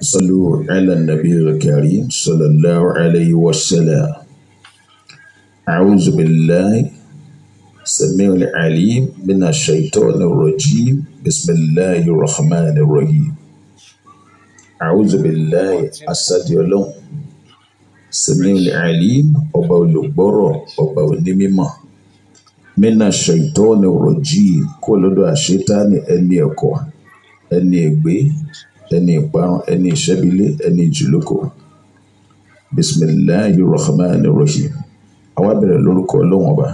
صلوا على النبي الكريم صلى الله عليه وسلم أعوذ بالله السميع العليم من الشيطان الرجيم بسم الله الرحمن الرحيم أعوذ بالله السميع العليم السميع العليم ọba olùgbọ́rọ̀ ọba onímọ̀ من الشيطان الرجيم كل lọ́dọ̀ شيطان ẹni ẹ̀kọ́ ẹni أبي ẹni ìparun ẹni ìṣẹ́bílé ẹni ìjùlókò bisimilayi rahman rahim àwa bẹ̀rẹ̀ lórúkọ ọlọ́run ọba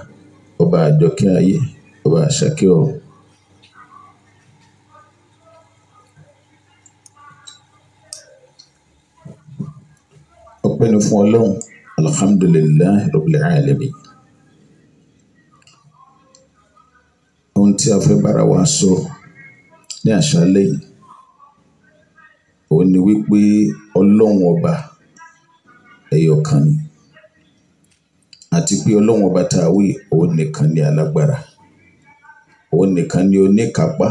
ọba àjọkẹ́ ayé ọba àṣàkẹ́ ọ̀run ọpẹ́ ni fún ọlọ́run alhamdulilayi rabbil alamin ohun tí a fẹ́ bára wa sọ ní àṣálẹ́ yìí òun ni wípé ọlọ́run ọba ẹyọ̀kan ni àti pé ọlọ́run ọba tá a wí òun nìkan ni alágbára òun nìkan ni oníkápá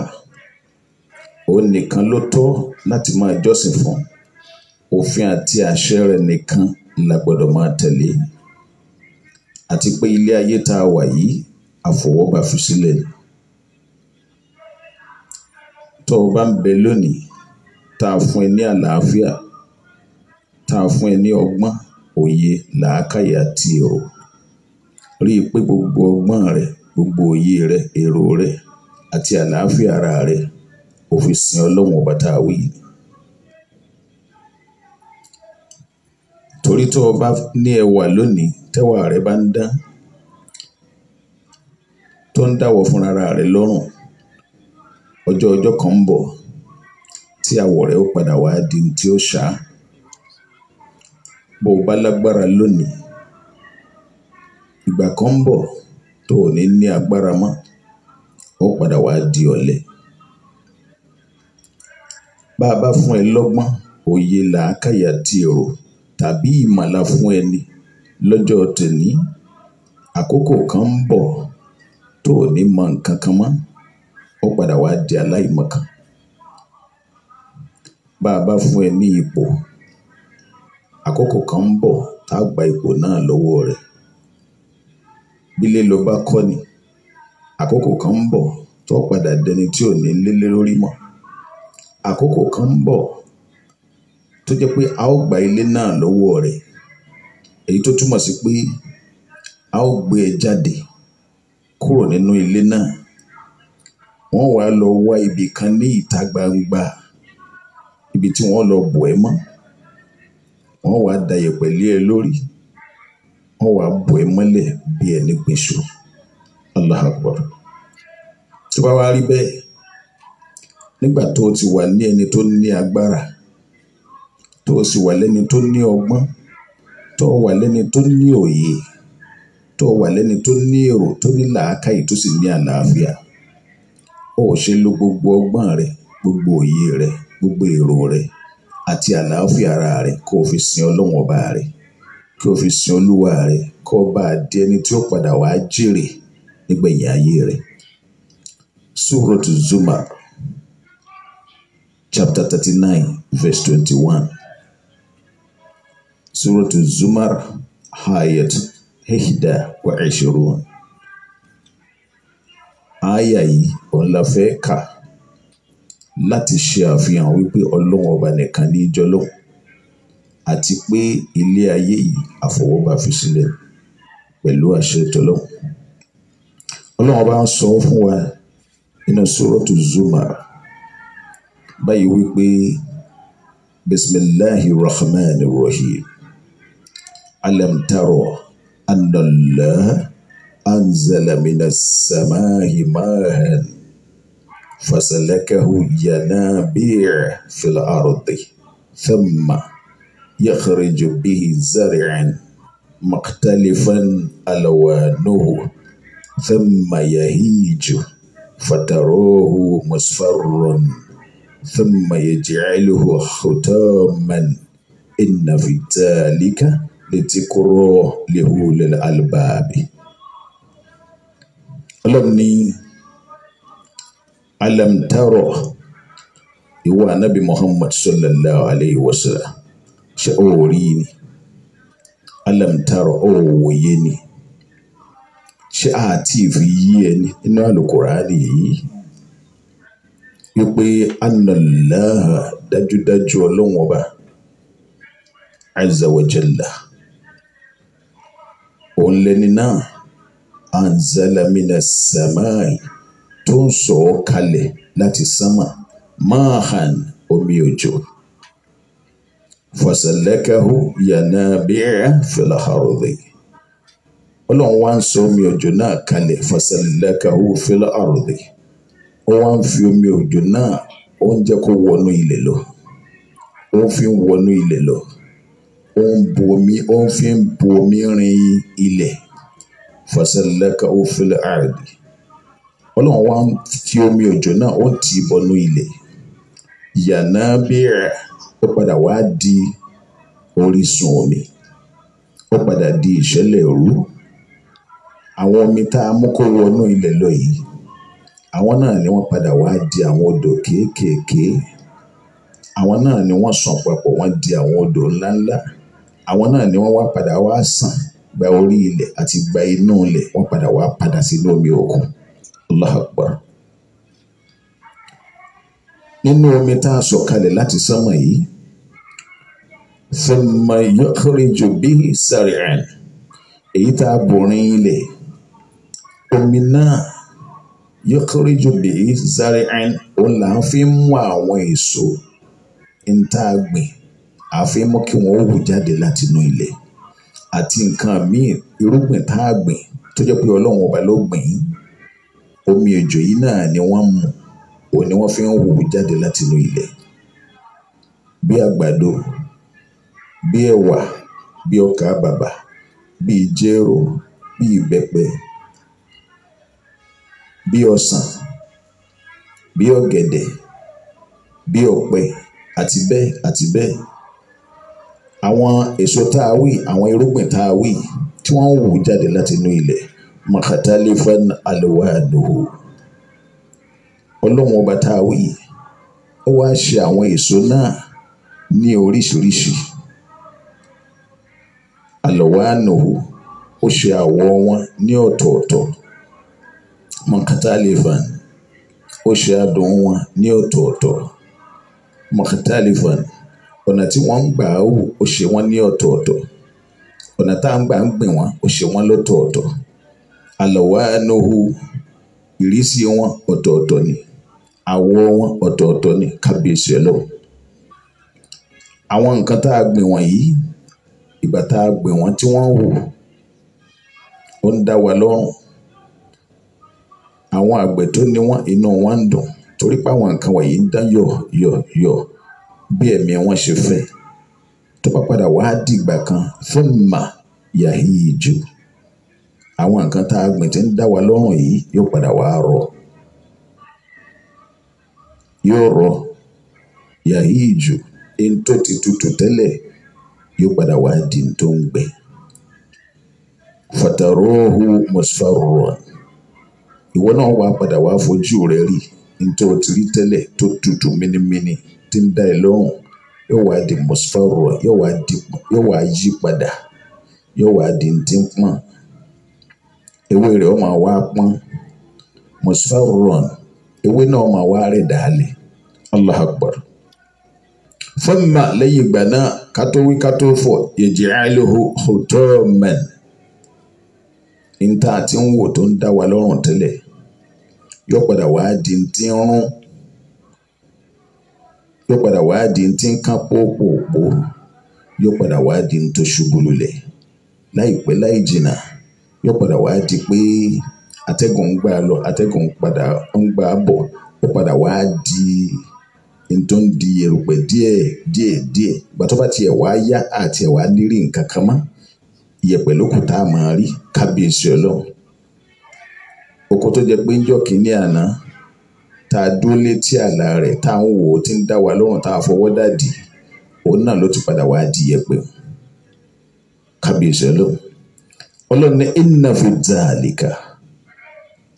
òun nìkan ló tọ́ láti máa jọ́sìn fún òfin àti àṣẹ rẹ̀ nìkan la gbọ́dọ̀ máa tẹ̀lé àti pé ilé ayé tá a wà yìí àfọwọ́gbà fi sílẹ̀ tó o bá ń bẹ lónìí tá a fún ẹ ní àlàáfíà tá fún ẹ ní ọgbọ́n òye gbogbo ọgbọ́n rẹ gbogbo òye rẹ èrò rẹ àti àlàáfíà ara rẹ ó sin ọlọ́run ọba tá a wí. torí tó o bá ní ẹwà lónìí tẹwà rẹ bá ń dán tó ń dáwọ́ fúnra rẹ kan ń bọ̀ tí àwọ̀ rẹ̀ ó padà wá di ohun tí ó ṣá bó o bá lágbára lónìí ìgbà kan ń bọ̀ tó o ní ní agbára mọ́ ó padà wá di ọ̀lẹ bá a bá fún ẹ lọ́gbọ́n òye làákàyà ti èrò tàbí ìmọ̀lá fún ẹni lọ́jọ́ tòní àkókò kan ń bọ̀ tó o ní mọ nǹkan kan mọ́ ó padà wá di aláìmọ̀kan bá a bá fún ẹ ní ipò àkókò kan ń bọ̀ tá a gba ipò náà lọ́wọ́ rẹ̀ bílé ló bá kọ́ ni àkókò kan ń bọ̀ tó padà dẹni tí ò ní lélé lórí mọ́ àkókò kan ń bọ̀ tó jẹ́ pé a ó gba ilé náà lọ́wọ́ rẹ̀ èyí tó túmọ̀ sí pé a ó gbé ẹ e jáde kúrò nínú ilé náà wọ́n wàá lọ wá ibì kan ní ìta gbangba. ibi tí wọ́n lọ bò ẹ mọ́ wọ́n wàá da yẹ̀pẹ̀ lé ẹ lórí wọ́n wàá bò ẹ́ mọ́lẹ̀ bí ẹni gbèsò Allahu Akbar tó bá wá rí bẹ́ẹ̀ nígbà tó o ti wà ní ẹni tó ní agbára tó o sì wà lẹ́ni tó ní ọgbọ́n tó o wà lẹ́ni tó ní òye tó o wà lẹ́ni tó ní èrò tó ní làákàyè tó sì ní àlàáfíà o ò ṣe lo gbogbo ọgbọ́n rẹ gbogbo òye rẹ gbogbo èrò rẹ àti àlàáfíà ara rẹ kó o fi sin ọlọ́run ọba rẹ kí o fi sin olúwa rẹ kó o bá di ẹni tí ó padà wá jèrè nígbẹ̀yìn ayé rẹ. Suratu Zumar chapter thirty nine verse twenty one Suratu Zumar ayat ihda wa ishirun. Aya yìí láti ṣe àfihàn wípé ọlọ́run ọba nìkan ní í jẹ́ Ọlọ́run àti pé ilé ayé yìí àfọwọ́bá fi sílẹ̀ pẹ̀lú àṣẹ tọlọ́run ọlọ́run ọba ń sọ fún wa nínú sọ́rọ́tù Zumar báyìí wípé bisimilahi rahman rahim alam anala anzala samahi mahan. فسلكه ينابيع في الأرض ثم يخرج به زرع مختلفا ألوانه ثم يهيج فتروه مصفر ثم يجعله ختاما إن في ذلك لتكروه له للألباب. alam taro ìwọ anabi muhammad sallallahu alayhi wa sallam ṣe ó rí ni alam taro ó wòye ni ṣe àti ìfi yí ẹni nínú àlùkùránì yìí wípé anàláha dájúdájú ọlọ́run ọba azza òun lẹni náà anzala samai tó ń sọ̀ ọ́ kalẹ̀ láti sánmà máàhàn omi òjò fasalakahu yanabi'a fil ardi ọlọ́run wá ń sọ omi òjò náà kalẹ̀ fasalakahu fil ardi ó wá ń fi omi òjò náà ó ń jẹ́ kó wọnú ilẹ̀ lọ ó ń fi wọnú ilẹ̀ lọ ó ń bu omi ó ń fi bu omi rin ilẹ̀ fasalakahu fil ọlọ́run wá ń fi omi òjò náà ó ń tì í bọnú ilẹ̀ ìyànà bíra ó padà wá di orísun omi ó padà di ìṣẹ̀lẹ̀ òru àwọn omi tá a mú kó wọnú ilẹ̀ lọ yìí àwọn náà ni wọ́n padà wá di àwọn odò kéékèèké àwọn náà ni wọ́n sàn papọ̀ wọ́n di àwọn odò ńláńlá àwọn náà ni wọ́n wá padà wá sàn gba orí ilẹ̀ àti gba inú ilẹ̀ wọ́n padà wá padà sínú omi òkun. Allahu Akbar nínú omi tá a sọ kalẹ̀ láti sánmọ̀ yìí thumma yukhriju bihi sari'an èyí tá a bòrin ilẹ̀ omi náà yukhriju bihi sari'an òun là ń fi mú àwọn èso ń tá a gbìn àfi mú kí wọn ó jáde láti inú ilẹ̀ àti nǹkan míì irúgbìn tá a gbìn tó jẹ́ pé ọlọ́run ọba ló gbìn yín omi òjò yìí náà ni wọ́n mu òun ni wọ́n fi ń hù jáde láti inú ilẹ̀ bí àgbàdo bí ẹ̀wà bí ọkà bàbà bí jéró bí ìbẹ́pẹ bí ọsàn bí ọ̀gẹ̀dẹ̀ bí ọ̀pẹ àti bẹ́ẹ̀ àti bẹ́ẹ̀ àwọn èso tá a wí àwọn irúgbìn tá a wí tí wọ́n ń hù jáde láti inú ilẹ̀ mọ̀kàtàlífẹ́n àlùwàdùhù ọlọ́run ọba tá a wí ó wá ṣe àwọn èso náà ní oríṣiríṣi àlùwàdùhù ó ṣe àwọ̀ wọn ní ọ̀tọ̀ọ̀tọ̀ mọ̀kàtàlífẹ́n ó ṣe adùn wọn ní ọ̀tọ̀ọ̀tọ̀ mọ̀kàtàlífẹ́n ọ̀nà tí wọ́n ń gbà á wù ó ṣe wọ́n ní ọ̀tọ̀ọ̀tọ̀ ọ̀nà tá à ń gbà ń gbìn wọ́n ó ṣe wọ́n lọ́tọ̀ọ̀tọ̀ àlọ́wánuhu ìrísí wọn ọ̀tọ̀ọ̀tọ̀ ni àwọ̀ wọn ọ̀tọ̀ọ̀tọ̀ ni kábíyèsí ọlọ́run àwọn nǹkan tá a gbìn wọ̀nyí ìgbà tá a gbìn wọ́n tí wọ́n ń hù ó ń dá wa lọ́rùn àwọn àgbẹ̀ tó ní wọ́n inú wọn ń dùn torí pé àwọn nǹkan wọ̀nyí ń dá yọ̀ yọ̀ yọ̀ bí ẹ̀mí wọn ṣe fẹ́ tó bá padà wá dìgbà kan fún mà yàhíì jù. àwọn nǹkan tá a gbìn tí ń dá wa lọ́rùn yìí padà wá rọ yóò rọ yàyí ìjù ẹni tó ti tutù tẹ́lẹ̀ yóò padà wá di tó ń gbẹ fatarohu musfarura ìwọ náà wà padà wá fojú rẹ rí nítorí rí tẹ́lẹ̀ tó tutù tí ń dá ẹ lọ́rùn yóò wá di yóò wá yí ti ń ewé rẹ̀ ó máa wá pọ́n musarron ewé náà máa wá rẹ̀ dàálẹ̀ allah akbar fúnma ìgbà náà kátó wí kátó fọ̀ yèjì níta tí ń wò tó ń dá wa lọ́rùn tẹ́lẹ̀ yóò padà wá di ti rún yóò padà wá di ti kán pòpòpò yóò yóò padà wá di pé atẹ́gùn ń gbà lọ atẹ́gùn padà ń wá di tó ń di erùpẹ̀ díẹ̀ díẹ̀ díẹ̀ tiẹ̀ wá yá àti ẹ̀ wá nírí nǹkan kan mọ́ ìyẹ̀pẹ̀ ló kù tá a máa rí kábíyèsí ọlọ́run oko tó jẹ pé ń jọ kínní àná tá a létí àlà rẹ̀ ti ń dá wa lọ́rùn tá a fọwọ́ dàdí òun náà ló wá di ìyẹ̀pẹ̀ kábíyèsí ọlọ́run ọlọ́run ní inna fi zalika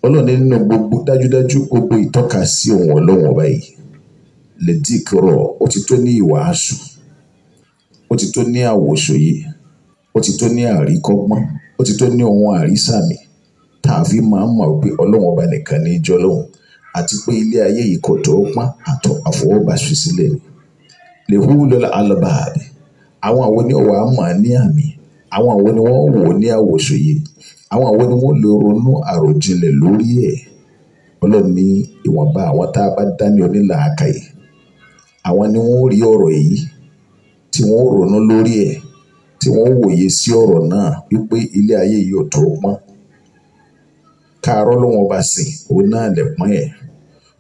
ọlọ́run nínú gbogbo dájúdájú gbogbo ìtọ́ka sí òun ọlọ́run ọba yìí lẹ́díkọ̀rọ̀ ó ti tó ní ìwàásù ó ti tó ní àwòsòye ó ti tó ní àríkọ́gbọ́n ó ti tó ní ohun àrísàmì tá a fi máa ń mọ̀ pé ọlọ́run ọba nìkan ní ìjọ lóhùn àti pé ilé ayé yìí kò tó pọ́n àtọ̀ àfọwọ́gbà fi sílẹ̀ lè hú lọ́la alọ́bàá àwọn àwọn oníwàá mọ̀ ní àmì àwọn wo ni wọ́n wò ní àwòsòye àwọn wo ni wọ́n lè ronú àròjinlẹ̀ lórí ẹ̀ ọlọ́run ní ìwọ̀nba àwọn tá a bá dá ní onílàákàyè àwọn ni wọ́n rí ọ̀rọ̀ yìí tí wọ́n ronú lórí ẹ̀ tí wọ́n wòye sí ọ̀rọ̀ náà wípé ilé ayé yìí ò tó pọ́n káàárọ̀ lọ́wọ́ bá sìn òun náà lè pọ́n ẹ̀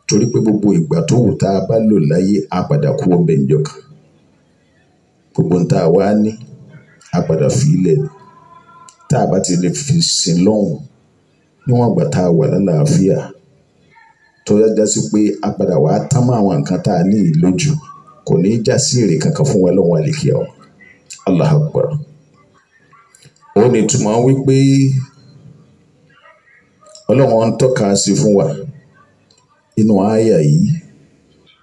torí pé gbogbo ìgbà tó wù tá a bá lò láyé á padà kú ọbẹ̀ ìjọ gbogbo ń tá a wá a padà fi ilẹ̀ tá a bá ti lè fi sin lọ́hùn níwọ̀n àgbà tá a wà lálàáfíà tó yájá sí pé a padà wàá tán mọ́ àwọn nǹkan tá a ní ìlójú kò ní í já sí èrè kankan fún wa lọ́wọ́ àlèkè ọ̀ Allah akbar ó ní túmọ̀ wípé ọlọ́run ń tọ́ka sí fún wa inú àyà yìí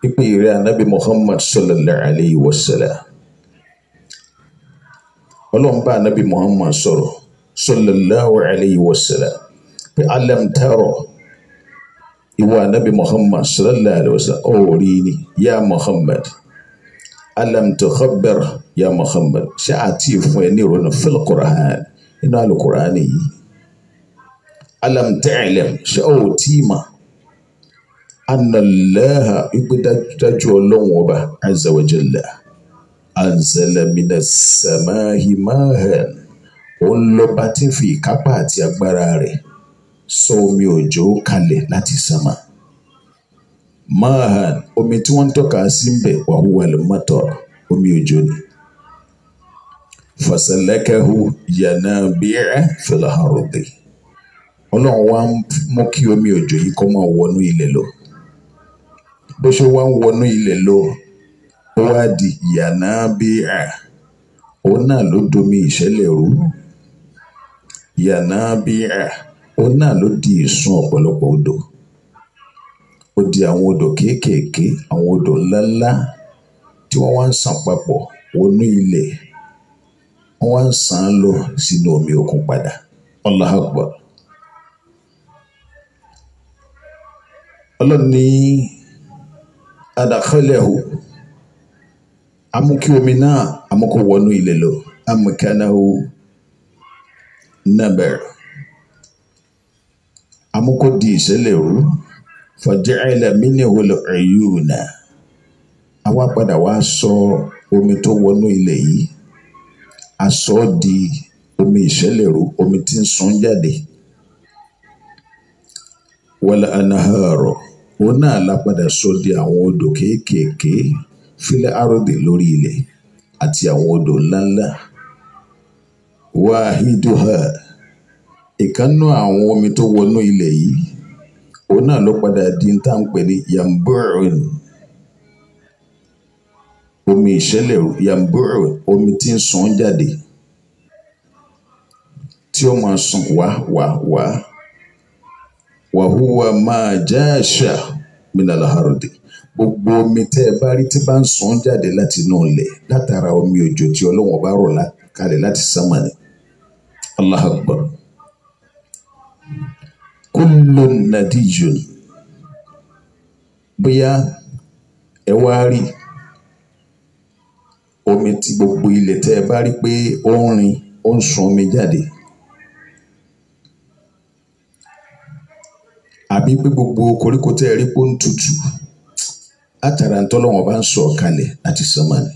pípé ìrẹ́ anábì Muhammad sallallahu alayhi wa sallam ọlọ́run bá anabi muhammad sọ̀rọ̀ sallallahu alayhi wa sallam pé alam taro ìwọ anabi muhammad sallallahu alayhi wa sallam ọ̀ rí ni ya muhammad alam tukhabbar ya muhammad ṣé àti ìfún ẹ ní ìrònú fil qur'an inú alukur'an yìí alam ta'lam ṣé ọ̀ tí ma anna ọlọ́run ọba azza anzala minas samahi mahan òun lọ́ba tí ń fi ìkápá àti agbára rẹ̀ sọ omi òjò kalẹ̀ láti sánmà mahan omi tí wọ́n ń tọ́ka sí ń bẹ̀ wàhúwà lè mọ́tọ̀ omi òjò ni fasalakahu yanabi'a fil ardi ọlọ́run wá ń mú kí omi òjò yìí kó máa wọnú ilẹ̀ lọ bó ṣe wá ń wọnú ilẹ̀ lọ ó wá di Yànábíà òun náà ló domi ìṣẹ̀lẹ̀ rú Yànábíà òun náà ló di ìsun ọ̀pọ̀lọpọ̀ odò ó di àwọn odò kéékèèké àwọn odò ńláńlá tí wọ́n wá ń sàn papọ̀ wọnú ilẹ̀ wọ́n wá ń sàn án lọ sínú omi òkun padà Allahu Akbar. ọlọ́ni adakhalẹ̀hu. amukiomi náà amukowọnú ilé lọ amukanahu nabẹrẹ amukodi ìṣẹ̀lẹ̀ rú fọjẹẹlẹ mínihùlẹ ẹyùnà àwa padà wa sọ omi tó wọnú ilé yìí a sọ di omi ìṣẹ̀lẹ̀ rú omi ti ń sun jáde wọlé anahàrọ òun náà la padà sọ di àwọn odò kéékèèké. fílẹ̀ àròdè lórí ilẹ̀ àti àwọn odò ńláńlá wàhídùhà ìkànnú àwọn omi tó wọnú ilẹ̀ yìí òun náà ló padà di ń tà ń pè ní yamburin omi ìṣẹ̀lẹ̀ yamburin omi tí ń sun jáde tí ó máa sun wá wá wá wàhúwa máa jáàṣà mí nàlá gbogbo omi tẹ́ ẹ bá rí tí bá ń sùn jáde láti inú ilẹ̀ látara omi òjò tí ọlọ́wọ́n bá rọ̀ la kalẹ̀ láti sánmà ni Allahu Akbar kullu nadijun bóyá ẹ wá rí omi tí gbogbo ilẹ̀ tẹ́ ẹ bá rí pé ó ń rin ó ń sun omi jáde àbí pé gbogbo koríko tẹ́ ẹ rí pé ó ń tutù látara ń tọ́lọ́wọ́n bá ń sọ kalẹ̀ láti sánmà ni.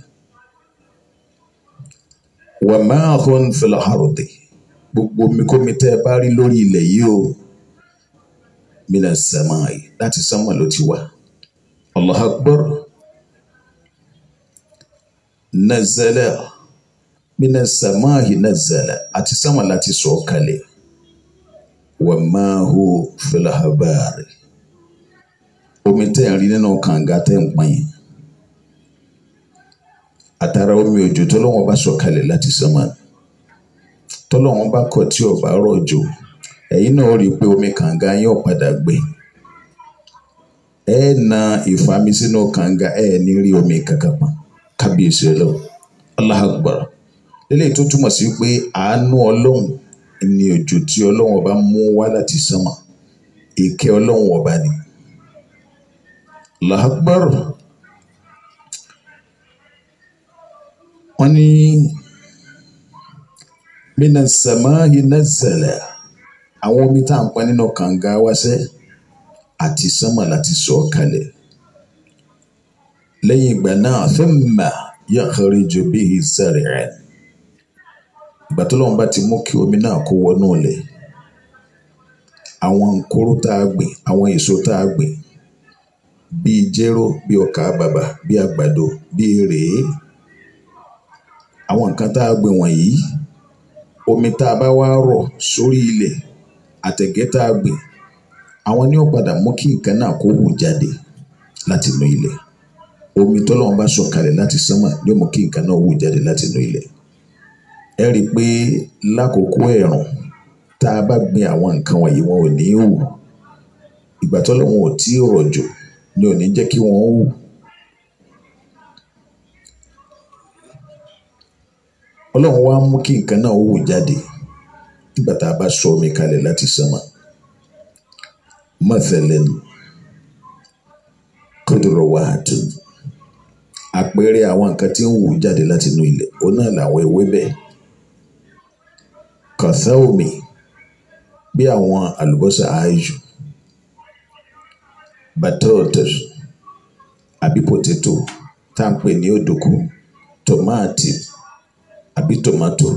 wà máa hàn fìlàhàròdè gbogbo omikómi tẹ́ ẹ bá rí lórí ilẹ̀ yìí o mina sánmà yìí láti sánmà ló ti wá. Allahu akbar mina sánmà yìí nazala àti sánmà láti sọ̀ kalẹ̀ wà máa hàn fìlàhàbàrì omi tẹ̀ ń rí nínú kànga tẹ̀ ń pọn yìí àtàrà omi òjò tọ́lọ́wọ́n bá sọ̀kalẹ̀ láti sánmà tọ́lọ́wọ́n bá kọ̀ tí ọ̀bá rọ̀ jò ẹ̀yin náà rí i pé omi kànga yín ò padà gbẹ ẹ na ìfami sínú kànga ẹ ní rí omi kankan pọn kábíyèsí ọlọ́run Allahu Akbar tó túmọ̀ sí pé àánú ọlọ́run ni òjò tí ọlọ́run ọba mú wá láti sánmà ìkẹ́ ọlọ́run ọba ni làágbàr wọ́n ní mina samahi nazala àwọn omi tá à ń pa nínú kànga wáṣẹ́ àti sánmà láti sọ ọ́ kalẹ̀ lẹ́yìn ìgbà náà thumma yakhriju bihi zar'an ìgbà tó lọ́wọ́n bá ti mú kí omi náà kó wọnú ilẹ̀ àwọn kóró tá a gbìn àwọn èso tá a gbìn bíi jéró bíi ọkà bàbà bíi àgbàdo bíi rèé àwọn nǹkan tá a gbìn wọ̀nyí omi tá a bá wá rọ̀ sórí ilẹ̀ àtẹ̀gẹ́ tá a gbìn àwọn ni ó padà mú kí nǹkan náà kó hù jáde láti inú ilẹ̀ omi tọ́lọ́run bá sọ̀kalẹ̀ láti sánmà ni ó mú kí nǹkan náà hù jáde láti inú ilẹ̀ ẹ rí i pé lákòókò ẹ̀rùn tá a bá gbin àwọn nǹkan wọ̀nyí wọn ò ní hù ìgbà tọ́lọ́run ò tí ì rọ̀jò ni ò ní jẹ́ kí wọ́n hù. ọlọ́run wá mú kí nǹkan náà wò jáde nígbà tá a bá sọ omi kalẹ̀ láti sánmà mathalan qudrawat àpẹẹrẹ àwọn nǹkan tí ń wù jáde láti inú ilẹ̀ òun náà làwọn ewébẹ̀ kathawmi bí àwọn àlùbọ́sà aáyù batoto àbí potato tá à ń pè ní òdòkú tòmáàtì àbí tòmátò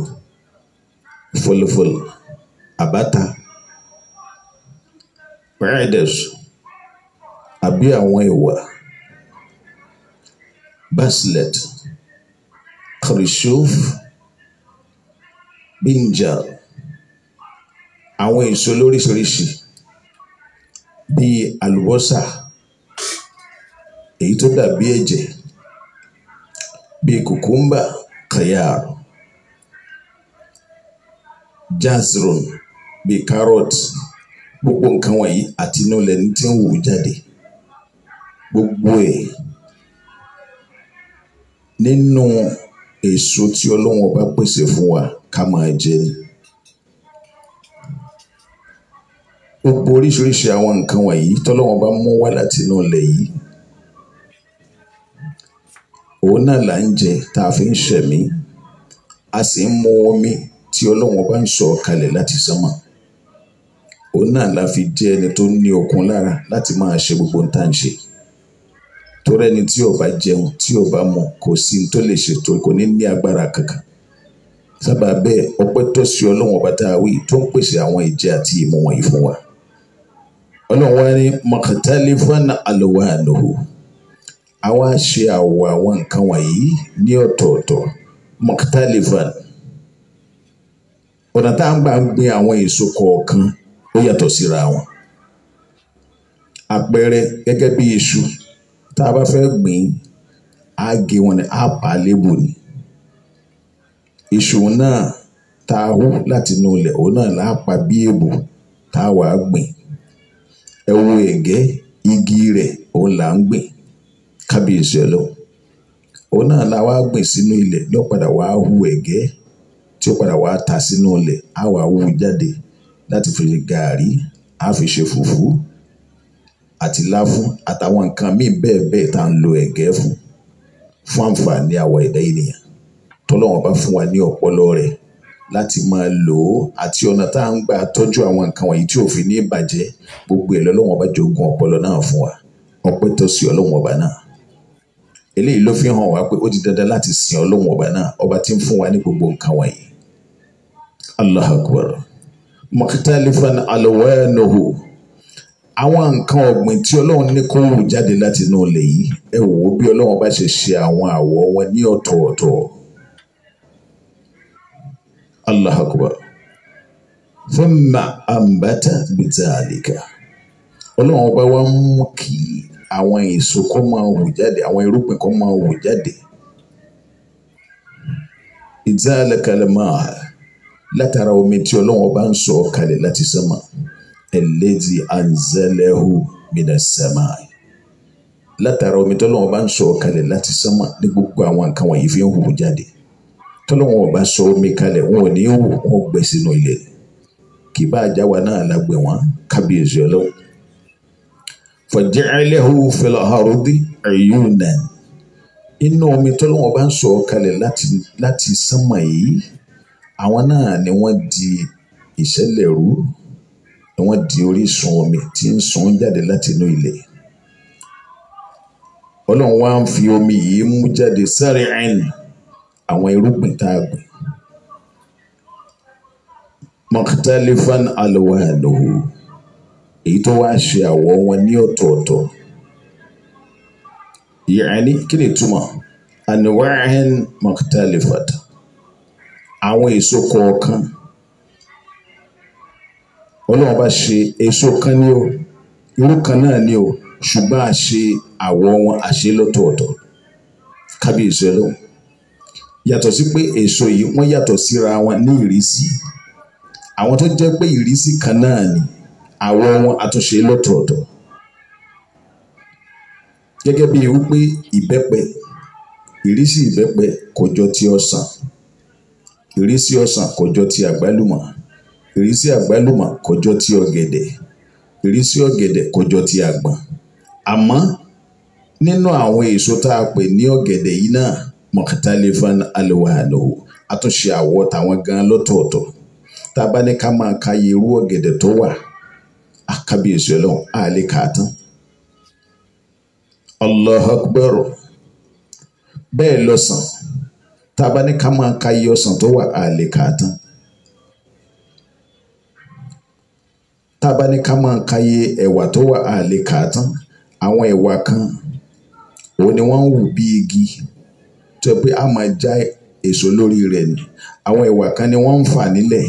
fòlòfòlò àbáta pẹ́ẹ́dẹ̀s àbí àwọn ìwà baslet kìrìsóf bíńjà àwọn èso lóríṣiríṣi bíi àlùbọ́sà èyí tó dàbí ẹ̀jẹ̀ bíi kùkúmbà kàyàr jazron bíi carrot gbogbo nǹkan wọ̀nyí àti inú ilẹ̀ ní tí ń wù ú jáde gbogbo ẹ̀ nínú èso tí Ọlọ́run ọba pèsè fún wa ká máa jẹ ni. gbogbo oríṣiríṣi àwọn nǹkan wọ̀nyí tọ́lọ́wọ́n bá mú wá láti inú ilẹ̀ yìí òun náà là ń jẹ tá a fi ń ṣẹ̀mí a sì ń mu omi tí ọlọ́wọ́n bá ń sọ kalẹ̀ láti sánmà òun náà la fi jẹ́ ẹni tó ní okun lára láti máa ṣe gbogbo nǹta ń ṣe torí ẹni tí ò bá jẹun tí ò bá mu kò sí ní tó lè ṣètò kò ní ní agbára kankan sábà bẹ́ẹ̀ ọpẹ́ tọ́ ọlọ́wọ́n bá tá a wí tó ń pèsè àwọn ìjẹ àti ìmu wọ̀nyí fún wa ọlọ́wọ́n ní mukhtalifan alwanuhu àwa ṣe àwọ̀ àwọn nǹkan wọ̀nyí ní ọ̀tọ̀ọ̀tọ̀ mukhtalifan ọ̀nà tá à ń gbà ń gbin àwọn èso kọ̀ọ̀kan ó yàtọ̀ síra wọn àpẹẹrẹ gẹ́gẹ́ bí iṣu tá a bá fẹ́ gbìn á gé wọn ni á pa á lébù ni iṣu náà tá hú láti ilẹ̀ òun náà láà bí èbù tá a wàá gbìn ẹ wo ẹ̀gẹ́ igi rẹ̀ òun là ń gbìn kábíyèsí ọlọ́run òun náà la wá gbìn sínú ilẹ̀ ló padà wá hu ẹ̀gẹ́ tí ó padà wá ta sínú ilẹ̀ á wá hu jáde láti fi ṣe gàárì á fi ṣe fùfú àti láfún àtàwọn nǹkan míì bẹ́ẹ̀ bẹ́ẹ̀ tá à ń lo ẹ̀gẹ́ fún fún àǹfààní àwa ẹ̀dá ènìyàn tọ́lọ́wọ́n bá fún wa ní ọpọlọ rẹ̀ láti máa lò ó àti ọ̀nà tá à ń gbà tọ́jú àwọn nǹkan wọ̀nyí tí òfin ní bàjẹ́ gbogbo ẹ̀ lọ́lọ́wọ́n ọba jogun ọpọlọ náà fún wa ọpẹ́ tó sí ọlọ́wọ́n ọba náà eléyìí ló fi hàn wá pé ó di dandan láti sìn ọlọ́wọ́n ọba náà ọba tí ń fún wa ní gbogbo nǹkan wọ̀nyí Allahu Akbar mukhtalifan alwanuhu àwọn nǹkan ọ̀gbìn tí ọlọ́run ní kó hù jáde láti inú ilẹ̀ yìí ẹ wò ó bí ọlọ́run bá ṣe ṣe àwọn àwọ̀ wọn ní ọ̀tọ̀ọ̀tọ̀ Allahu akbar thumma ambata bitalika ọlọ́run ọba wa ń mú kí àwọn èso kó máa wù jáde àwọn irúgbìn kó máa wù jáde bitalika al-maa látara omi tí ọlọ́run ọba ń sọ kalẹ̀ láti sánmà alladhi anzalahu minas samai látara omi tí ọlọ́run ọba ń sọ kalẹ̀ láti sánmà ní gbogbo àwọn nǹkan wọ̀nyí fi ń hù jáde tọ́lọ́wọ́n ọba sọ omi kalẹ̀ wọn ò ní wò wọn ò gbẹ sínú ilẹ̀ kì bá àjáwa náà la gbẹ wọn kábíyèsí ọlọ́wọ́ fọ̀jẹ́rẹ́lẹ́hu fẹlọ́hàrúdí ẹ̀yúnà inú omi tọ́lọ́wọ́n ọba sọ kalẹ̀ láti sánmà yìí àwọn náà ni wọ́n di ìṣẹ̀lẹ̀ rú ni wọ́n di orísun omi tí ń sun jáde láti inú ilẹ̀ ọlọ́run wá ń fi omi yìí mú jáde sáré ẹ̀yìn àwọn irúgbìn tá a gbìn mọ̀kítẹ́lifán alùwàlùhù èyí tó wáá ṣe àwọ̀ wọn ní ọ̀tọ̀ọ̀tọ̀ yẹ̀ẹ́ni kí ni túmọ̀ anuwaahin mọ̀kítẹ́lifát àwọn èso kọ̀ọ̀kan ọlọ́run bá ṣe èso kan ní o irú kan náà ní o ṣùgbọ́n a àwọ̀ wọn àṣelọ́tọ̀ọ̀tọ̀ kábíyèsí ọlọ́run yàtọ̀ sí pé èso yìí wọ́n yàtọ̀ síra wọn ní ìrísí àwọn tó jẹ́ pé ìrísí kan náà ni àwọ̀ wọn àtúnṣe lọ́tọ̀ọ̀tọ̀ gẹ́gẹ́ bí wípé ìbẹ́pẹ ìrísí ìbẹ́pẹ kò jọ ti ọsàn ìrísí ọsàn kò jọ ti àgbálùmọ̀ ìrísí àgbálùmọ̀ kò jọ ti ọ̀gẹ̀dẹ̀ ìrísí ọ̀gẹ̀dẹ̀ kò jọ ti àgbọn àmọ́ nínú àwọn èso tá a pè ní ọ̀gẹ̀dẹ̀ yìí náà mọ̀kítàlẹ́fàn alẹ́wàálò àtúnṣe àwọ̀ tàwọn gan lọ́tọ̀ọ̀tọ̀ tá a bá ní ká máa ka irú ọ̀gẹ̀dẹ̀ tó wà àkábíyèsí ọlọ́run á lè kà á tán. Allahu Akbar bẹ́ẹ̀ lọ́sàn tá a bá ní ká máa ka iye tó wà á lè tá a bá ní ká máa ka iye ẹ̀wà tó wà á lè àwọn ẹ̀wà kan òun ni wọ́n ń wù bí igi tó pé a máa já èso lórí rẹ̀ ni àwọn ìwà kan ni wọ́n ń fà nílẹ̀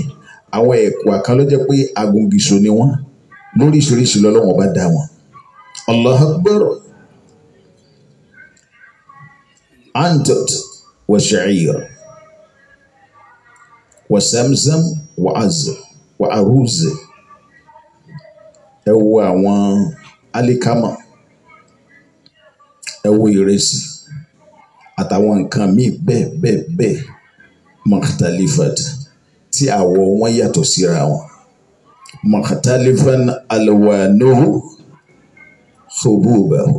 àwọn ìwà kan ló jẹ́ pé agungìso ni wọ́n lóríṣiríṣi lọ́lọ́wọ́n bá dá wọn. Allahu Akbar antat wa sha'ir wa zamzam wa azr wa aruz ẹ wo àwọn alikama ẹ wo ìrẹsì àtàwọn nǹkan míì bẹ́ẹ̀ bẹ́ẹ̀ bẹ́ẹ̀ mọ̀kàtàlífàt tí àwọ̀ wọn yàtọ̀ síra wọn mọ̀kàtàlífàn alwanuhu hububahu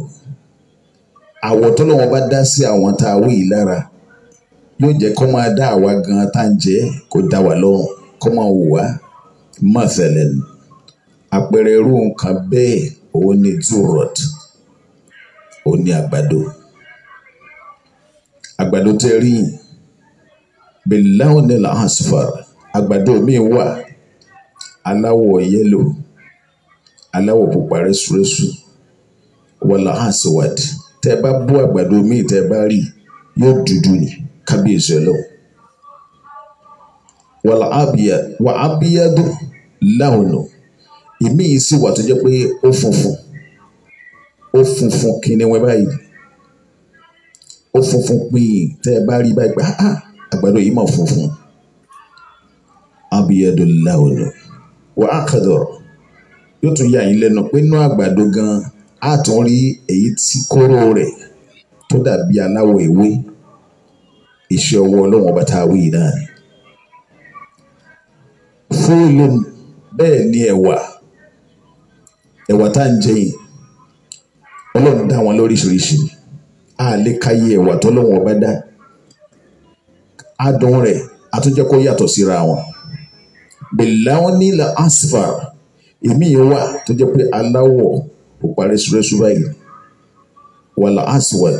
àwọ̀ tọ́lọ́wọ́n bá dá sí àwọn tá a wí yìí lára yóò jẹ́ kó máa dá àwa gan tá ń jẹ́ kó dá wa lọ́rùn kó máa wù wá mọ̀fẹ́lẹ́ ni àpẹẹrẹ irú nǹkan bẹ́ẹ̀ òun ni zurot òun ni àgbàdo àgbàdo tẹ́ rí yìí bẹ̀láwọn ní làásùfàr àgbàdo mi wà aláwọ̀ yẹ́lò aláwọ̀ pupa rẹ́sùrẹ́sù wà làásùwàdì tẹ́ bá bú àgbàdo mi tẹ́ bá rí yóò dúdú ni kábíyèsí ọlọ́wọ́ wàlà wà abiyadu láwùnà ìmíyìí sì wà tó jẹ́ pé ó funfun ó funfun kí ni wọ́n báyìí ó funfun pín tẹ́ ẹ bá rí báyìí pé ah, ah àgbàdo yìí mọ̀ funfun abiyadu lawolo wà á kàdọ̀rọ̀ yóò tún yà yín lẹ́nu pé inú àgbàdo gan á tún rí èyí tí kóró rẹ̀ tó dàbí aláwọ̀ ewé iṣẹ́ ọwọ́ ọlọ́run ọba tá a wí náà ni fúlù bẹ́ẹ̀ ni ẹ̀wà ẹ̀wà tá à ń jẹ ọlọ́run dá wọn lóríṣiríṣi ni a lè káyé ẹ̀wà tó lóun ọba dá adùn rẹ̀ àtúnjẹ́ kó yàtọ̀ síra wọn bẹ̀láwọ́nì la asfar èmi yìí wà tó jẹ́ pé aláwọ̀ pupa rẹ́súrẹ́sú báyìí wàlà aswad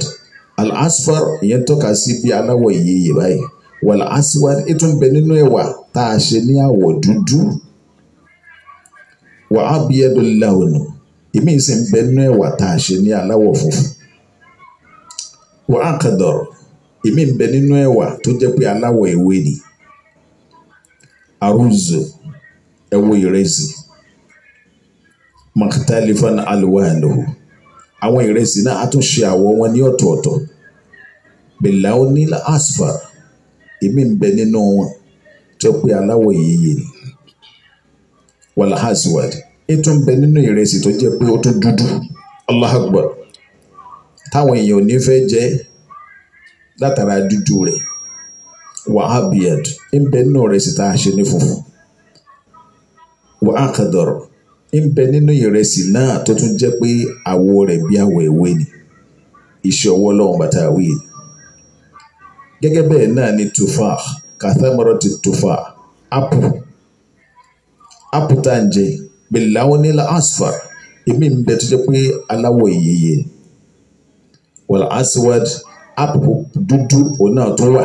àlà asfar ìyẹn tọ́ka sí bí aláwọ̀ ìyeyè báyìí wàlà aswad ètò ń bẹ nínú ẹ̀wà tá a ṣe ní àwọ̀ dúdú wà á bí ẹdùn láwùn èmi ìsìn bẹ nínú ẹ̀wà tá a ṣe ní aláwọ̀ funfun. wàákàdọ̀rọ̀ èmi ń bẹ nínú ẹ̀wà tó jẹ́ pé aláwọ̀ ewé ni arúzò ẹ̀wọ̀ ìrẹsì mọ̀kítàlífọ́n alùwàlùhù àwọn ìrẹsì náà á tún ṣe àwọ̀ wọn ní ọ̀tọ̀ọ̀tọ̀ bẹ̀láwọ́ nílá asfà èmi ń bẹ nínú wọn tó pé aláwọ̀ yìí ni wàlá haswad ètò ń bẹ nínú ìrẹsì tó jẹ́ pé ó tún dúdú Akbar. táwọn èèyàn ò ní fẹ́ jẹ látara dúdú rẹ̀ wàhábíyàd ńbẹ nínú ìrẹsì tá a ṣe ní funfun wàhákàdọ̀rọ̀ ńbẹ nínú ìrẹsì náà tó tún jẹ́ pé àwọ̀ rẹ̀ bí àwọ̀ ewé ni iṣẹ́ ọwọ́ lọ́wọ́ bàtà wíì gẹ́gẹ́ bẹ́ẹ̀ náà ni tufa kàtàmọ́rọ́ ti tufa apu apu tá à ń jẹ bẹ̀láwọ́ nílá asfar èmi ń bẹ tó jẹ́ pé aláwọ̀ ìyẹyẹ wal aswad apu dudu òun náà tún wà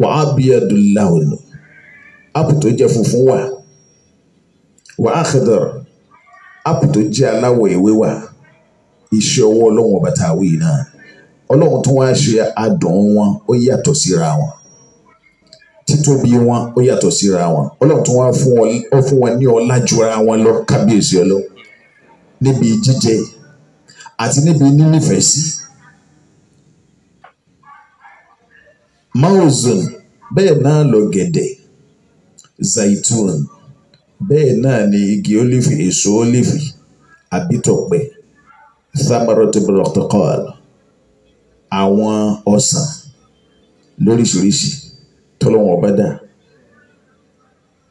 wà á bí ẹdùnlá ònà apu tó jẹ́ funfun wà wà á apu tó jẹ́ aláwọ̀ ewé wà iṣẹ́ ọwọ́ ọlọ́run ọba tá a wí náà ọlọ́run tó wá ṣe adùn wọn ó yàtọ̀ síra wọn títóbi wọn ó yàtọ̀ síra wọn ọlọ́run tó wá fún wọn ní ọlá jura wọn lọ kábíyèsí ọlọ níbi jíjẹ àti níbi nínífẹ̀ẹ́ sí. Si Mausun bẹ́ẹ̀ náà lọ̀gẹ̀dẹ̀ zaitun bẹ́ẹ̀ náà ni igi olifi èso olifi abitọpẹ samarotibrotocol àwọn ọsàn lóríṣiríṣi tọ́lọ́wọ́n ọba dá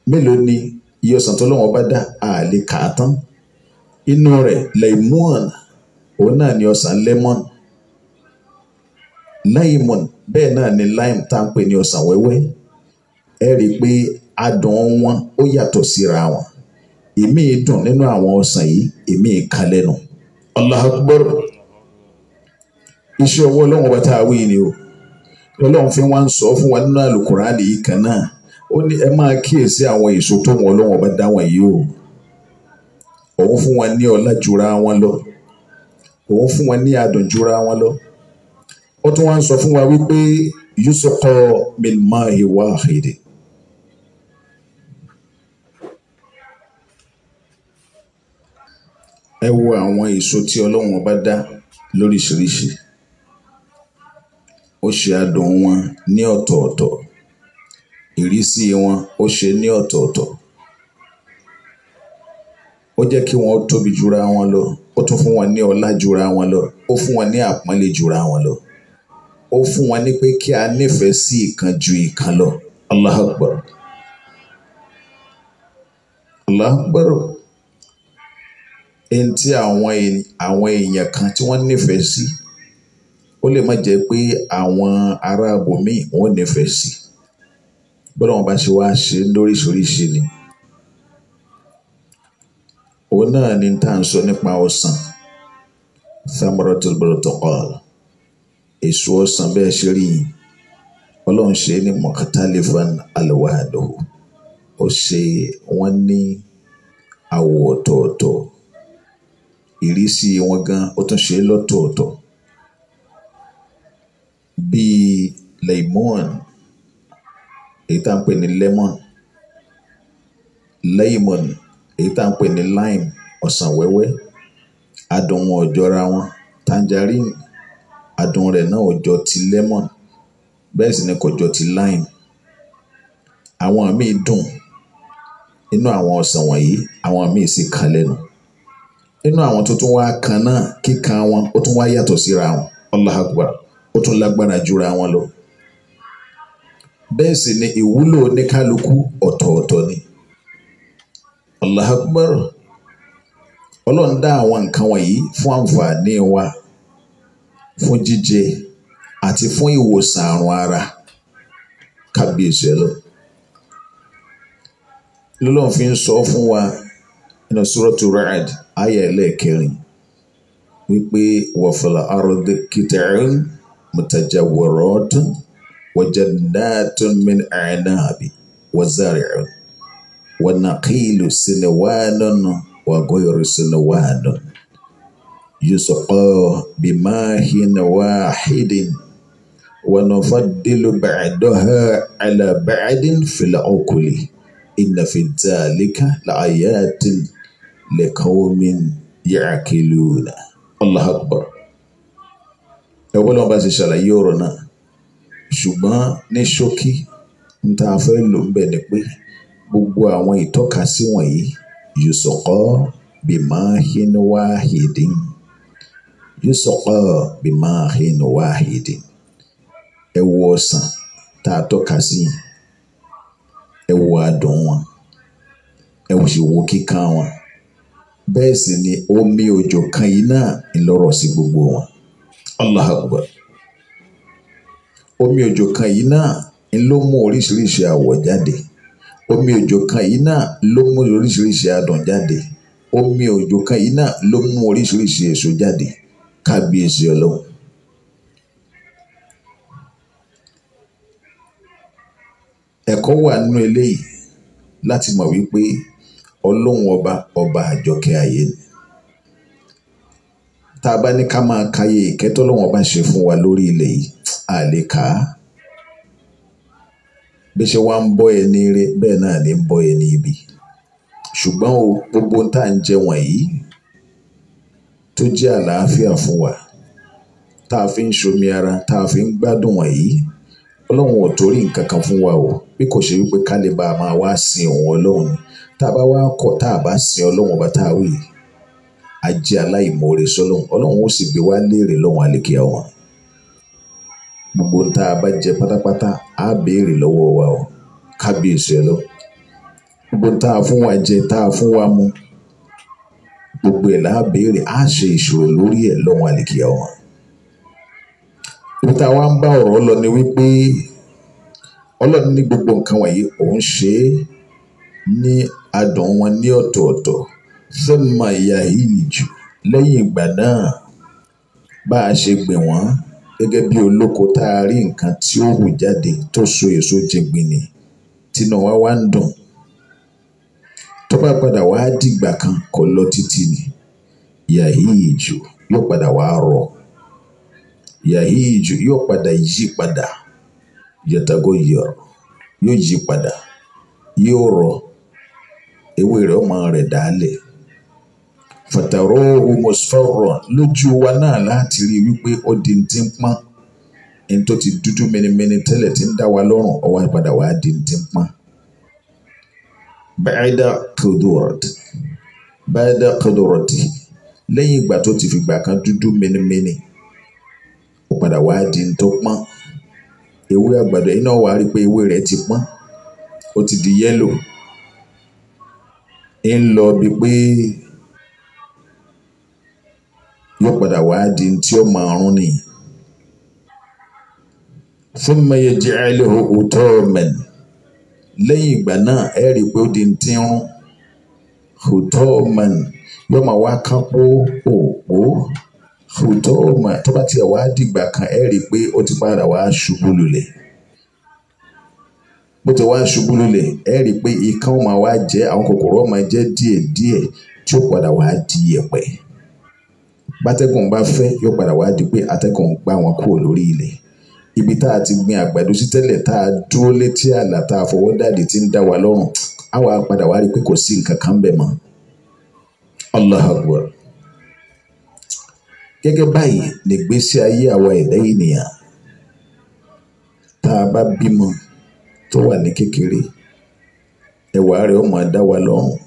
mélòó ni iye ọsàn tọ́lọ́wọ́n ọba dá a lè kà á tán inú rẹ̀ lemon òun náà ni ọsàn lemon láìmọ̀n bẹ́ẹ̀ náà ni lime tá à ń pè ní ọsàn wẹ́wẹ́ ẹ rí i pé adùn wọn ó yàtọ̀ síra wọn èmi dùn nínú àwọn ọsàn yìí èmi kan lẹ́nu Allahu Akbar iṣẹ́ ọwọ́ ọlọ́run ọba tá a wí ni o ọlọ́run fi wá ń sọ fún wa nínú àlùkùránì yìí kan náà ó ní ẹ máa kíyèsí àwọn èso tó wọn ọlọ́run ọba dá wọn yìí o òun fún wọn ní ọlá jura wọn lọ òun fún wọn ní adùn jura wọn lọ ó tún wá ń sọ fún wa wípé yusukọ min ma'i wahid ẹ wo àwọn èso tí ọlọ́run ọba dá lóríṣiríṣi ó ṣe adùn wọn ní ọ̀tọ̀ọ̀tọ̀ ìrísí wọn ó ṣe ní ọ̀tọ̀ọ̀tọ̀ ó jẹ́ kí wọ́n tóbi jura wọn lọ ó tún fún wọn ní ọlá jura wọn lọ ó fún wọn ní àpọ́nlé jura wọn lọ ó fún wọn ní pé kí a nífẹ̀ẹ́ sí ìkan ju ìkan lọ Allahu Akbar Allahu Akbar ẹni tí àwọn èèyàn kan tí wọ́n nífẹ̀ẹ́ sí ó lè má jẹ́ pé àwọn ará abòmíì wọ́n nífẹ̀ẹ́ sí bọ́dọ̀ wọn bá ṣe wá ṣe lóríṣiríṣi ni òun náà ni tá à ń sọ nípa ọsàn samaratul burtuqal èso ọsàn bẹ́ẹ̀ ṣe rí yìí ọlọ́run ṣe ní mọ̀kátálífàn aluwaado ó ṣe wọ́n ní àwọ̀ ọ̀tọ̀ọ̀tọ̀ ìrísí wọn gan ó tún ṣe lọ́tọ̀ọ̀tọ̀ bíi lemon èyí tá à ń pè ní lemon lemon èyí tá à ń pè ní lime ọsàn wẹ́wẹ́ adùn wọn ò jọra wọn tangerine adùn rẹ̀ náà ò jọ ti lemon bẹ́ẹ̀ sì ni kò jọ ti lime àwọn míì dùn inú àwọn ọsàn wọ̀nyí àwọn míì sì kan lẹ́nu inú àwọn tó tún wá kan náà kíkan wọn ó tún wá yàtọ̀ síra wọn Allah akbar ó tún lágbára jura wọn lọ bẹ́ẹ̀ sì ni ìwúlò oníkálukú ọ̀tọ̀ọ̀tọ̀ ni Allah akbar ọlọ́run dá àwọn nǹkan wọ̀nyí fún àǹfààní wa fún jíjẹ àti fún ìwòsàn àrùn ara kábíyèsí ẹ lọ lọ́lọ́run fi ń sọ fún wa nínú Suratu Ra'd àyá ẹlẹ́ẹ̀kẹrin wípé wọ̀fọ̀lá arọ́dẹ kìtẹ́rìn mùtàjà wọ̀rọ̀ọ́dún wọ̀jà dáàtún min àìnáàbì wọ̀zàrìrìn wọ̀nàkìlù sínú wàánù wàgóyọrù sínú wàánù. يسقى بماء واحد ونفضل بعدها على بعد في العقل إن في ذلك لآيات لقوم يعقلون الله أكبر ẹwọ́n lọ́ba ṣe ṣàlàyé ọ̀rọ̀ náà ṣùgbọ́n ní ṣókí n ta fẹ́ lò ń bẹ̀ ni pé gbogbo àwọn ìtọ́kasí wọ̀nyí yusqa bimahin wahidin yusọkọ bimahi na wahidi ɛwɔ ọsàn tá a tọ́ka sí ɛwɔ adùn wọn ɛwɔ ìwò kíkà wọn bẹ́ẹ̀ sì ni omi òjò kan yìí náà ńlọ́rọ̀ sí gbogbo wọn allah akbar omi òjò kan yìí náà ńlọ oríṣiríṣi àwọ̀ jáde omi òjò kan yìí náà ló oríṣiríṣi adùn jáde omi òjò kan yìí náà ló oríṣiríṣi èso jáde kábíyèsí ọlọ́run. ẹ̀kọ́ wà nínú eléyìí láti mọ̀ wípé ọlọ́run ọba ọba àjọkẹ́ ayé ni tá a bá ní ká máa káyé ìkẹ́ tọ́lọ́run ọba ń ṣe fún wa lórí ilẹ̀ yìí a lè kà á bí ṣe wá ń bọ́ ẹni rẹ bẹ́ẹ̀ náà ní ń bọ́ ẹni ibi ṣùgbọ́n o gbogbo tá à ń jẹ wọ̀nyí tó jẹ́ àlàáfíà fún wa tá a fi ń ṣomi ara tá a fi ń gbádùn wọ̀nyí ọlọ́run ò torí nǹkan kan fún wa o bí kò ṣe wípé ká lè bá a máa wá sin òun ọlọ́run tá a bá wá kọ̀ tá a bá sin ọlọ́run ọba tá a wí a jẹ́ aláìmoore sọlọ́run ọlọ́run ó sì gbé wá léèrè lọ́wọ́n àlèkè àwọn gbogbo ń tá a bá jẹ pátápátá á béèrè lọ́wọ́ wa o kábíyèsí ọlọ́run gbogbo ń tá a fún wa jẹ tá a fún wa mu gbogbo ẹ̀ la béèrè á ṣe ìṣòro lórí ẹ̀ lọ́wọ́ àlìkìyà ọmọ. ibi tá a wá ń bá ọ̀rọ̀ lọ ni wípé ọlọ́run ní gbogbo nǹkan wọ̀nyí òun ṣe é ní adùn wọn ní ọ̀tọ̀ọ̀tọ̀ sẹ́mà ìyá yìí jù lẹ́yìn ìgbà náà bá a ṣe gbìn wọ́n gẹ́gẹ́ bí olóko tá a rí nǹkan tí ó hù jáde tó so èso jẹ̀gbìnì tínú wa ń dùn bá padà wá dìgbà kan kò lọ títí ni yahiju yóò padà wá rọ yahiju yóò padà yí padà yàtàgò yọrọ yóò yí padà yóò rọ ewé rẹ̀ ọmọ rẹ̀ dálẹ̀ fàtàrọ homosfọrọ lójú wa náà láti rí wípé ó di ti ń pọ́n ẹni tó ti dúdú mẹnimẹni tẹ́lẹ̀ ti ń dá wa lọ́rùn ọwọ́ padà wá di ti ń pọ́n. بعد qudurat بعد qudurati لين ìgbà tó ti fìgbà مني dúdú mẹ́nimẹ́ni ó padà wá di tó pọ́n ewé àgbàdo yìí náà wàá rí i pé ewé rẹ̀ ti pọ́n ó ti di yẹ́lò ń lọ bí pé yóò padà wá di tí ó máa rún nìyí. thumma yaj'aluhu utaman lẹ́yìn ìgbà náà ẹ rí i pé ó di ti ń hùtọ́ ọmọ yóò máa wá kán pó òpó hùtọ́ ọmọ tó bá tiẹ̀ wá dìgbà kan ẹ rí i pé ó ti padà wá ṣubú lulẹ̀ bó ti wá ṣubú lulẹ̀ ẹ rí i pé ikán máa wá jẹ àwọn kòkòrò máa jẹ díẹ̀díẹ̀ tí ó padà wá di yẹ̀pẹ̀ bátẹ́gùn bá fẹ́ yóò padà wá di pé atẹ́gùn gbá wọn kúrò lórí ilẹ̀ ibi tá a ti gbin àgbàdo sí tẹ́lẹ̀ tá a dúró létí àlà tá a fọwọ́ dáàdì tí ń dá wa lọ́rùn á padà wá rí i pé kò sí nǹkan kan bẹ̀ mọ́ Allah akbar gẹ́gẹ́ báyìí nígbésí ayé àwa ẹ̀dá ènìyàn tá a bá bímọ tó wà ní kékeré ẹwà rẹ̀ ó máa dá wa lọ́rùn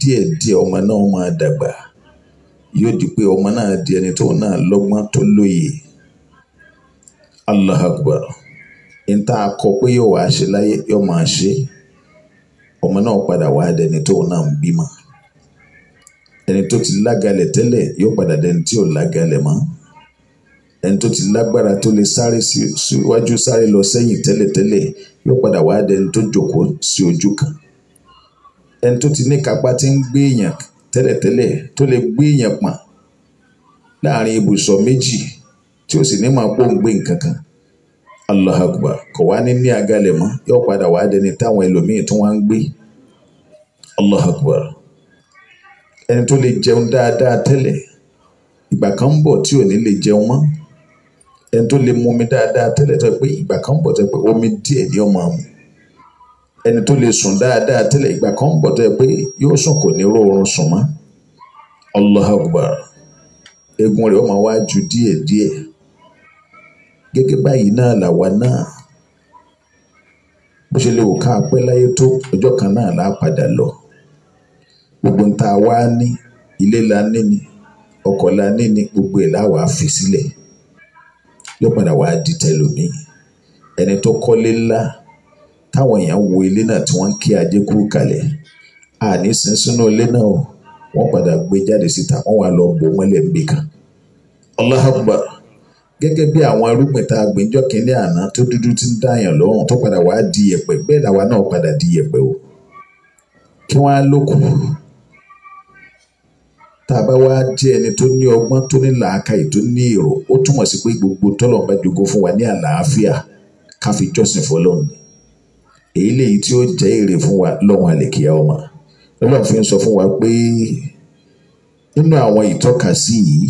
díẹ̀díẹ̀ ọmọ náà máa dàgbà yóò di pé ọmọ náà di ẹni tó náà lọ́gbọ́n tó lóye allah akbar n tá a kọ pé yóò wáá ṣe láyé yóò máa ṣe ọmọ náà padà wá dẹni tóun náà ń bímọ ẹni tó ti lágalẹ̀ tẹ́lẹ̀ yóò padà dẹni tí ò lágalẹ̀ mọ́ ẹni tó ti lágbára tó lè sáré síwájú sáré lọ sẹ́yìn tẹ́lẹ̀tẹ́lẹ̀ yóò padà wá dẹni tó jókòó sí ojú kan ẹni tó ti ní kápá tí ń gbé èèyàn tẹ́lẹ̀tẹ́lẹ̀ tó lè gbé èèyàn pọ̀n láàrin ibùsọ̀ méjì tí ó sì ní máa pò gbé nǹkan kan allah akbar kò wá ní ní agalẹ̀ mọ́ yóò padà wá dẹni táwọn ẹlòmíì tí wọ́n ń gbé allah akbar ẹni tó lè jẹun dáadáa tẹ́lẹ̀ ìgbà kan ń bọ̀ tí ò ní lè jẹun mọ́ ẹni tó lè mumi dáadáa tẹ́lẹ̀ tó yẹ pé ìgbà kan ń bọ̀ tó yẹ pé omi díẹ̀ ni ó máa mu ẹni tó lè sùn dáadáa tẹ́lẹ̀ ìgbà kan ń bọ̀ tó pé yóò sùn kò ní róorun sùn mọ́ allah akbar eegun rẹ̀ ó máa wá ju díẹ̀ díẹ̀ gẹ́gẹ́ báyìí náà làwa náà bó ṣe lè wò ká pẹ́ láyé tó ọjọ́ kan náà là á padà lọ gbogbo ń ta wá ní ilé la ní ni ọkọ̀ la ní ni gbogbo ẹ̀ láwa fi sílẹ̀ yóò padà wá di tẹlòmíì ẹni tó kọ́lé ńlá táwọn èèyàn wo ilé náà tí wọ́n ń kí ajé kúrò kalẹ̀ àní sin sínú ilé náà wọ́n padà gbé jáde síta wọ́n wà lọ bò mọ́lẹ̀ ń kan Allahu Akbar gẹ́gẹ́ bí àwọn arúgbìn tá a gbìn jọ́ kínní àná tó dúdú ti ń dààyàn lọ́rùn tó padà wá di yẹ̀pẹ̀ bẹ́ẹ̀ làwa náà padà di yẹ̀pẹ̀ o kí wọ́n á lókun tá a bá wá jẹ́ ẹni tó ní ọgbọ́n tó ní làákàyè tó ní èrò ó túmọ̀ sí pé gbogbo tọ́lọ́run bá jogún fún wa ní àlàáfíà ká fi jọ́sìn fọlọ́run èyí lèyí tí ó jẹ́ èrè fún wa lọ́wọ́n àlèkìyà ọmọ ọlọ́run fi ń sọ fún wa pé nínú àwọn ìtọ́kasí yìí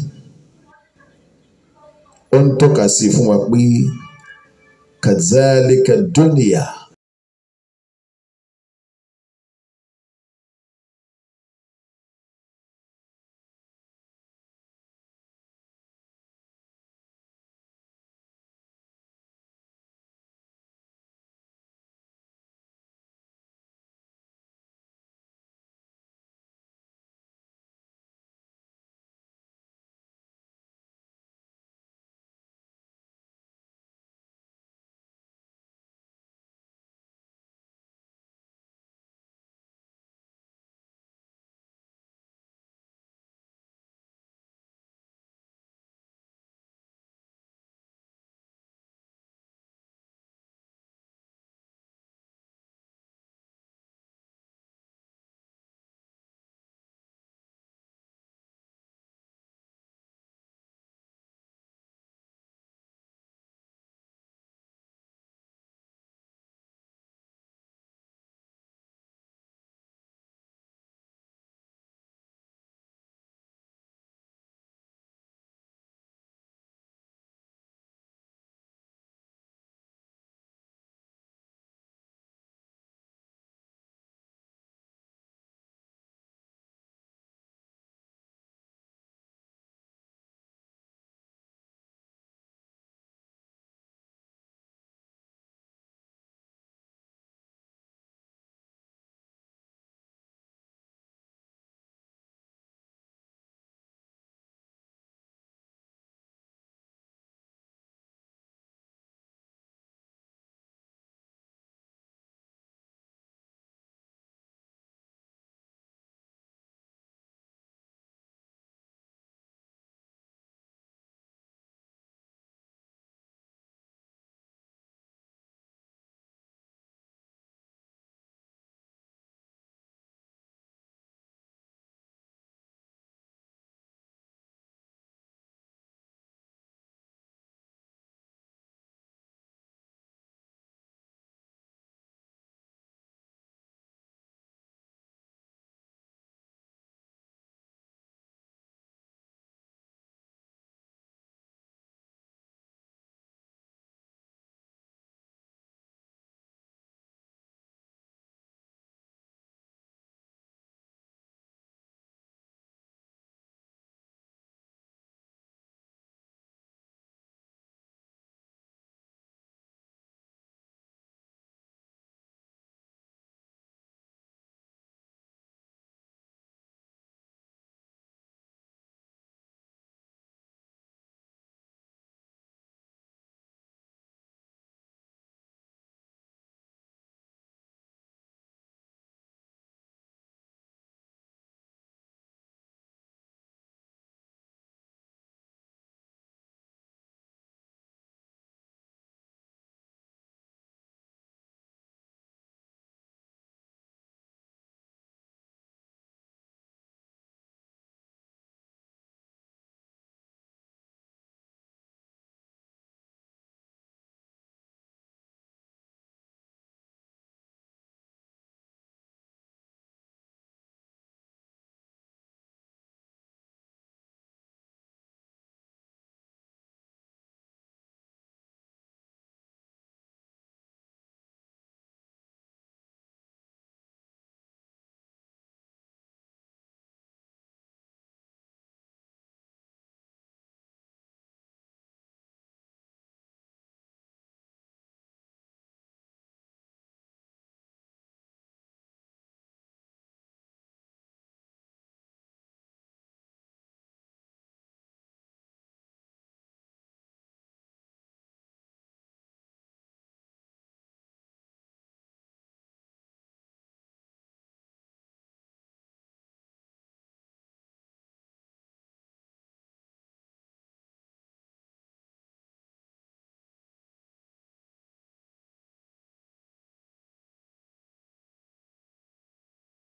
ó ń tọ́ka sí fún wa pé kazalika dunya.